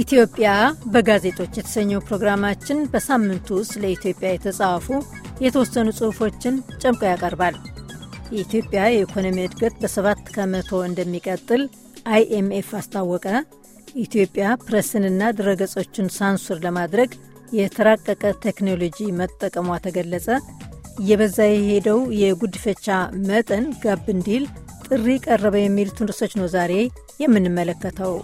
ኢትዮጵያ በጋዜጦች የተሰኘው ፕሮግራማችን በሳምንቱ ውስጥ ለኢትዮጵያ የተጻፉ የተወሰኑ ጽሑፎችን ጨምቆ ያቀርባል። የኢትዮጵያ የኢኮኖሚ እድገት በሰባት ከመቶ እንደሚቀጥል አይኤምኤፍ አስታወቀ፣ ኢትዮጵያ ፕረስንና ድረገጾችን ሳንሱር ለማድረግ የተራቀቀ ቴክኖሎጂ መጠቀሟ ተገለጸ፣ እየበዛ የሄደው የጉድፈቻ መጠን ጋብ እንዲል ጥሪ ቀረበ፣ የሚሉትን ርዕሶች ነው ዛሬ የምንመለከተው።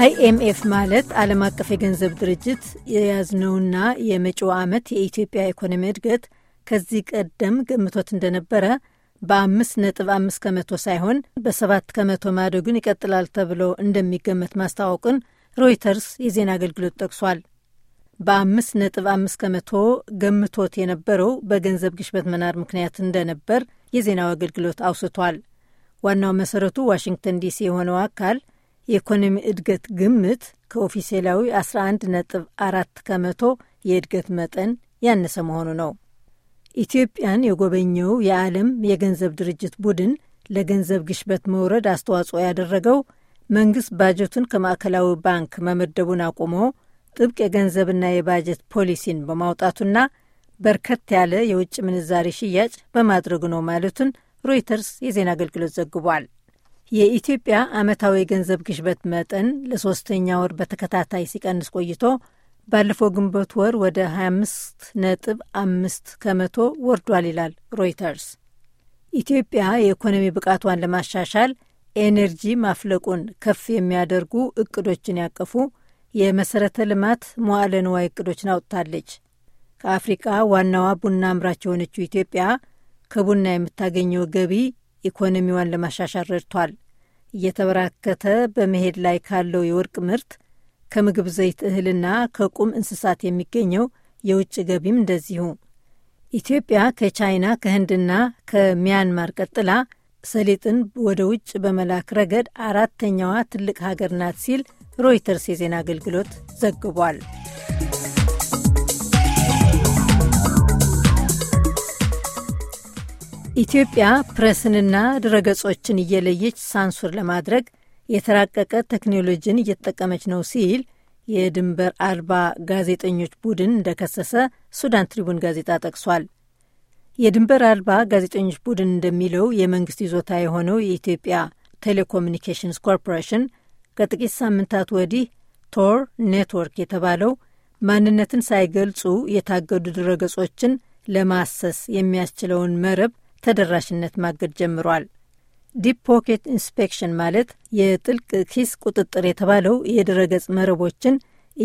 አይኤምኤፍ ማለት ዓለም አቀፍ የገንዘብ ድርጅት የያዝነውና የመጪው ዓመት የኢትዮጵያ ኢኮኖሚ እድገት ከዚህ ቀደም ገምቶት እንደነበረ በአምስት ነጥብ አምስት ከመቶ ሳይሆን በሰባት ከመቶ ማደጉን ይቀጥላል ተብሎ እንደሚገመት ማስታወቁን ሮይተርስ የዜና አገልግሎት ጠቅሷል። በአምስት ነጥብ አምስት ከመቶ ገምቶት የነበረው በገንዘብ ግሽበት መናር ምክንያት እንደነበር የዜናው አገልግሎት አውስቷል። ዋናው መሰረቱ ዋሽንግተን ዲሲ የሆነው አካል የኢኮኖሚ እድገት ግምት ከኦፊሴላዊ 11 ነጥብ አራት ከመቶ የእድገት መጠን ያነሰ መሆኑ ነው። ኢትዮጵያን የጎበኘው የዓለም የገንዘብ ድርጅት ቡድን ለገንዘብ ግሽበት መውረድ አስተዋጽኦ ያደረገው መንግሥት ባጀቱን ከማዕከላዊ ባንክ መመደቡን አቁሞ ጥብቅ የገንዘብና የባጀት ፖሊሲን በማውጣቱና በርከት ያለ የውጭ ምንዛሬ ሽያጭ በማድረጉ ነው ማለቱን ሮይተርስ የዜና አገልግሎት ዘግቧል። የኢትዮጵያ ዓመታዊ የገንዘብ ግሽበት መጠን ለሶስተኛ ወር በተከታታይ ሲቀንስ ቆይቶ ባለፈው ግንቦት ወር ወደ 25 ነጥብ አምስት ከመቶ ወርዷል ይላል ሮይተርስ። ኢትዮጵያ የኢኮኖሚ ብቃቷን ለማሻሻል ኤነርጂ ማፍለቁን ከፍ የሚያደርጉ እቅዶችን ያቀፉ የመሰረተ ልማት መዋዕለ ንዋይ እቅዶችን አውጥታለች። ከአፍሪቃ ዋናዋ ቡና አምራች የሆነችው ኢትዮጵያ ከቡና የምታገኘው ገቢ ኢኮኖሚዋን ለማሻሻል ረድቷል። እየተበራከተ በመሄድ ላይ ካለው የወርቅ ምርት ከምግብ ዘይት፣ እህልና ከቁም እንስሳት የሚገኘው የውጭ ገቢም እንደዚሁ። ኢትዮጵያ ከቻይና ከህንድና ከሚያንማር ቀጥላ ሰሊጥን ወደ ውጭ በመላክ ረገድ አራተኛዋ ትልቅ ሀገር ናት ሲል ሮይተርስ የዜና አገልግሎት ዘግቧል። ኢትዮጵያ ፕሬስንና ድረገጾችን እየለየች ሳንሱር ለማድረግ የተራቀቀ ቴክኖሎጂን እየተጠቀመች ነው ሲል የድንበር አልባ ጋዜጠኞች ቡድን እንደከሰሰ ሱዳን ትሪቡን ጋዜጣ ጠቅሷል። የድንበር አልባ ጋዜጠኞች ቡድን እንደሚለው የመንግስት ይዞታ የሆነው የኢትዮጵያ ቴሌኮሚኒኬሽንስ ኮርፖሬሽን ከጥቂት ሳምንታት ወዲህ ቶር ኔትወርክ የተባለው ማንነትን ሳይገልጹ የታገዱ ድረገጾችን ለማሰስ የሚያስችለውን መረብ ተደራሽነት ማገድ ጀምሯል። ዲፕ ፖኬት ኢንስፔክሽን ማለት የጥልቅ ኪስ ቁጥጥር የተባለው የድረገጽ መረቦችን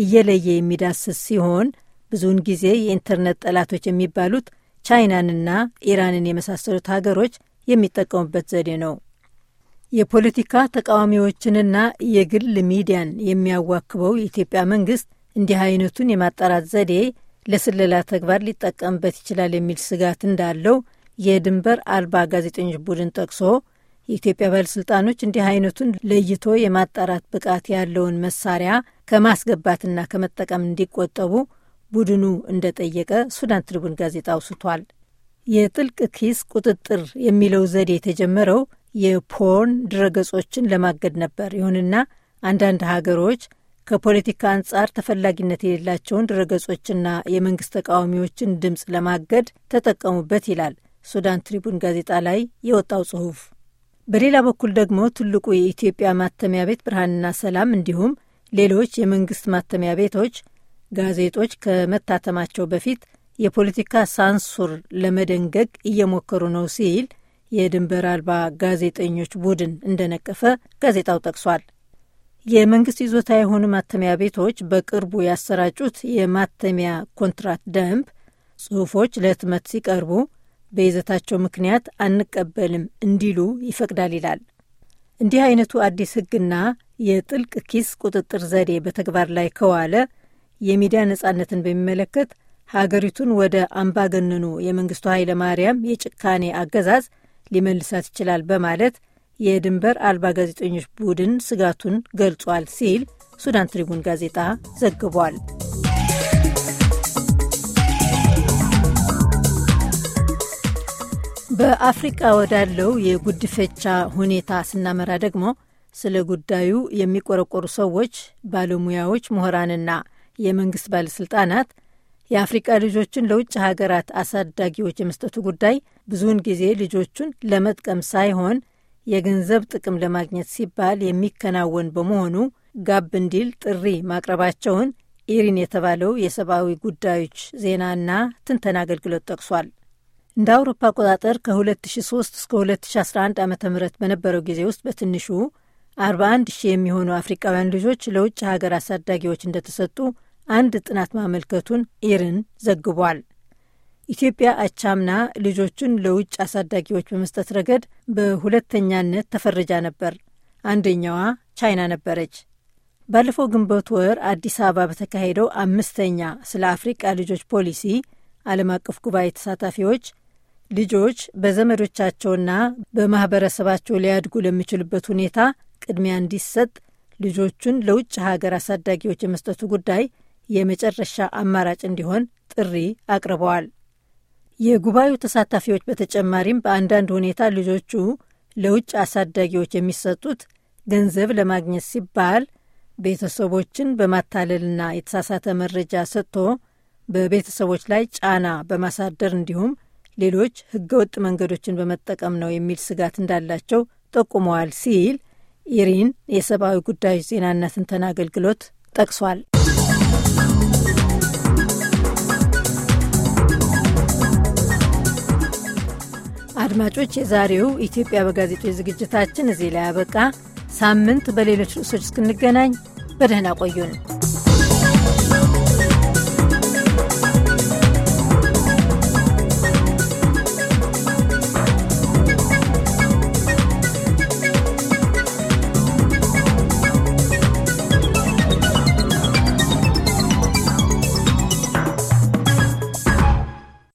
እየለየ የሚዳስስ ሲሆን ብዙውን ጊዜ የኢንተርኔት ጠላቶች የሚባሉት ቻይናንና ኢራንን የመሳሰሉት ሀገሮች የሚጠቀሙበት ዘዴ ነው። የፖለቲካ ተቃዋሚዎችንና የግል ሚዲያን የሚያዋክበው የኢትዮጵያ መንግስት እንዲህ አይነቱን የማጣራት ዘዴ ለስለላ ተግባር ሊጠቀምበት ይችላል የሚል ስጋት እንዳለው የድንበር አልባ ጋዜጠኞች ቡድን ጠቅሶ የኢትዮጵያ ባለሥልጣኖች እንዲህ አይነቱን ለይቶ የማጣራት ብቃት ያለውን መሳሪያ ከማስገባትና ከመጠቀም እንዲቆጠቡ ቡድኑ እንደጠየቀ ሱዳን ትሪቡን ጋዜጣ አውስቷል። የጥልቅ ኪስ ቁጥጥር የሚለው ዘዴ የተጀመረው የፖርን ድረገጾችን ለማገድ ነበር። ይሁንና አንዳንድ ሀገሮች ከፖለቲካ አንጻር ተፈላጊነት የሌላቸውን ድረገጾችና የመንግስት ተቃዋሚዎችን ድምፅ ለማገድ ተጠቀሙበት ይላል ሱዳን ትሪቡን ጋዜጣ ላይ የወጣው ጽሑፍ። በሌላ በኩል ደግሞ ትልቁ የኢትዮጵያ ማተሚያ ቤት ብርሃንና ሰላም እንዲሁም ሌሎች የመንግስት ማተሚያ ቤቶች ጋዜጦች ከመታተማቸው በፊት የፖለቲካ ሳንሱር ለመደንገግ እየሞከሩ ነው ሲል የድንበር አልባ ጋዜጠኞች ቡድን እንደነቀፈ ጋዜጣው ጠቅሷል። የመንግስት ይዞታ የሆኑ ማተሚያ ቤቶች በቅርቡ ያሰራጩት የማተሚያ ኮንትራት ደንብ ጽሑፎች ለህትመት ሲቀርቡ በይዘታቸው ምክንያት አንቀበልም እንዲሉ ይፈቅዳል ይላል። እንዲህ አይነቱ አዲስ ሕግና የጥልቅ ኪስ ቁጥጥር ዘዴ በተግባር ላይ ከዋለ የሚዲያ ነጻነትን በሚመለከት ሀገሪቱን ወደ አምባገነኑ የመንግስቱ ኃይለ ማርያም የጭካኔ አገዛዝ ሊመልሳት ይችላል በማለት የድንበር አልባ ጋዜጠኞች ቡድን ስጋቱን ገልጿል ሲል ሱዳን ትሪቡን ጋዜጣ ዘግቧል። በአፍሪቃ ወዳለው የጉድፈቻ ሁኔታ ስናመራ ደግሞ ስለ ጉዳዩ የሚቆረቆሩ ሰዎች፣ ባለሙያዎች፣ ምሁራንና የመንግስት ባለስልጣናት የአፍሪቃ ልጆችን ለውጭ ሀገራት አሳዳጊዎች የመስጠቱ ጉዳይ ብዙውን ጊዜ ልጆቹን ለመጥቀም ሳይሆን የገንዘብ ጥቅም ለማግኘት ሲባል የሚከናወን በመሆኑ ጋብ እንዲል ጥሪ ማቅረባቸውን ኢሪን የተባለው የሰብአዊ ጉዳዮች ዜናና ትንተና አገልግሎት ጠቅሷል። እንደ አውሮፓ አቆጣጠር ከ2003 እስከ 2011 ዓ ም በነበረው ጊዜ ውስጥ በትንሹ 41 ሺህ የሚሆኑ አፍሪካውያን ልጆች ለውጭ ሀገር አሳዳጊዎች እንደተሰጡ አንድ ጥናት ማመልከቱን ኢርን ዘግቧል። ኢትዮጵያ አቻምና ልጆቹን ለውጭ አሳዳጊዎች በመስጠት ረገድ በሁለተኛነት ተፈርጃ ነበር። አንደኛዋ ቻይና ነበረች። ባለፈው ግንቦት ወር አዲስ አበባ በተካሄደው አምስተኛ ስለ አፍሪቃ ልጆች ፖሊሲ ዓለም አቀፍ ጉባኤ ተሳታፊዎች ልጆች በዘመዶቻቸውና በማህበረሰባቸው ሊያድጉ ለሚችሉበት ሁኔታ ቅድሚያ እንዲሰጥ ልጆቹን ለውጭ ሀገር አሳዳጊዎች የመስጠቱ ጉዳይ የመጨረሻ አማራጭ እንዲሆን ጥሪ አቅርበዋል። የጉባኤው ተሳታፊዎች በተጨማሪም በአንዳንድ ሁኔታ ልጆቹ ለውጭ አሳዳጊዎች የሚሰጡት ገንዘብ ለማግኘት ሲባል ቤተሰቦችን በማታለልና የተሳሳተ መረጃ ሰጥቶ በቤተሰቦች ላይ ጫና በማሳደር እንዲሁም ሌሎች ህገወጥ መንገዶችን በመጠቀም ነው የሚል ስጋት እንዳላቸው ጠቁመዋል ሲል ኢሪን የሰብአዊ ጉዳዮች ዜናና ትንተና አገልግሎት ጠቅሷል። አድማጮች፣ የዛሬው ኢትዮጵያ በጋዜጦች ዝግጅታችን እዚህ ላይ አበቃ። ሳምንት በሌሎች ርዕሶች እስክንገናኝ በደህና ቆዩን።